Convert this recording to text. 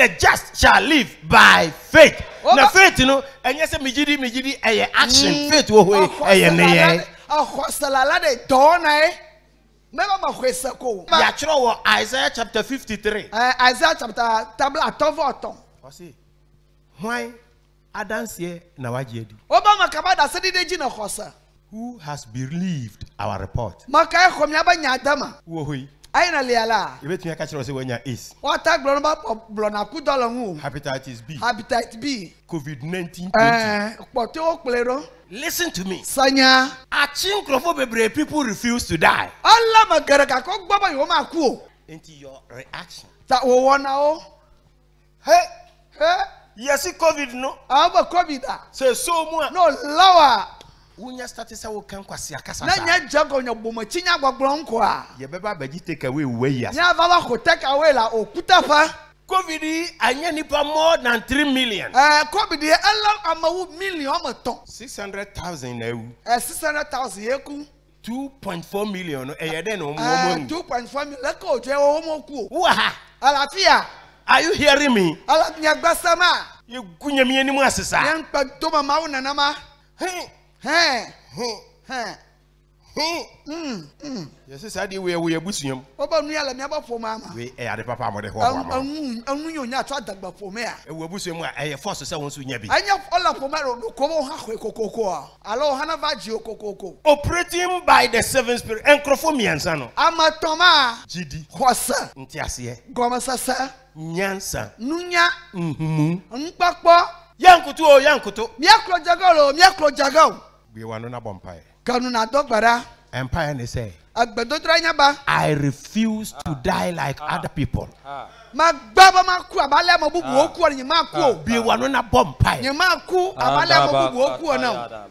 the just shall live by faith. Oh, na faith no ɛnyɛ sɛ megyidi megyidi ɛyɛ action mm. faith wɔ hɔ yi ɛyɛ meyɛ. ɔkɔsalala de dɔɔ na ye mɛma ma hwɛ sɛ ko. yàtúrɔ wɔ isaiah chapter fifty three. ɛɛ isaiah chapter tabla atɔnfɔ ɔtɔn. ɔsi hwan adanseɛ na wagye di. o bá ma kaba dase de ji na hɔ who has believed our report. maka ɛ xɔmi a bɛ nya dama. wɔ hɔ ayi na leyala. i bɛ tun yɛ ka kyerɛ sɛ wɔnya ace. wɔta gblɔ n'ba pɔ blɔnaku dɔ le ŋu. hepatitis b. hepatitis b. covid nineteen twenty. ɛɛ kpɔtɔ o kple ɖo. listen to me. sanya. a ati nkurɔfo bebree people refuse to die. ɔlọmọ gɛrɛ ka ko gbɔbɔ yòó ma ku o. nti your reaction. ta o wɔna o. he he. yasi covid no. àwọn bɛ covid a. sɛ so mu a. n'o lawa wunyɛ stati sɛ wo kɛn kwasi akasa sa. n'an yɛ jɛ ko ɲɛ bomɔci ɲɛ gbɔgblɔ nkɔ a. yɛ bɛɛ b'a take away wɛ yan. n y'a fɔ a take away la o kuta fɛ. covid a ɲɛ nipa more than three million. ɛɛ eh, covid ye ɛlɛ amawu miliyɔn ma tɔn. six hundred thousand na ɛ eh, six hundred thousand ye kun. two point four million ɛyɛ dɛ na ɔmɔ ɔmɔ nu. two point four million lɛkɛ ojɛ ɔmɔ ku o. wa. alafiya. are you hearing me. alafiya gbasama. ye gunyamiya ni mu asesa. yɛn kpɛ doma maaw nana ma. Hey. hɛn hɛn yɛsɛ saa deɛ wei ɛwo yɛ busuam wobɛ nu yɛ lɛ meabɔ fom ama wei ɛyɛ ade papa a mode hɔhoamu yɛ onya ato adagba fom a ɛwɔ abusua mu a ɛyɛ fɔso sɛ wo nso nya bi ɛnyɛ ɔla ma a kɔbɔ ha hwe kokoko a ala fa ji o kokoko operating by the seven spirit ɛnkurɔfo mmiɛnsa no amatɔma a gyidi hɔsɛ seɛ. gɔmsɛsɛ nyansa nunya nhumu nkpakpɔ Yankutu o yɛnkoto miakorɔ jagaw lo jagaw gbé wa nuna bɔ mpa ye. kanuna dɔ gbara. ye ne sɛ. agbɛdodra nyaba. i refuse to die like other people. ma gbá bá ma kú àbálẹ̀ mọ búbu ó kú ọ ni ma kú o. gbé wa nuna bɔ mpa ye. yìí ma kú àbálẹ̀ mọ búbu ó kú ọ náà.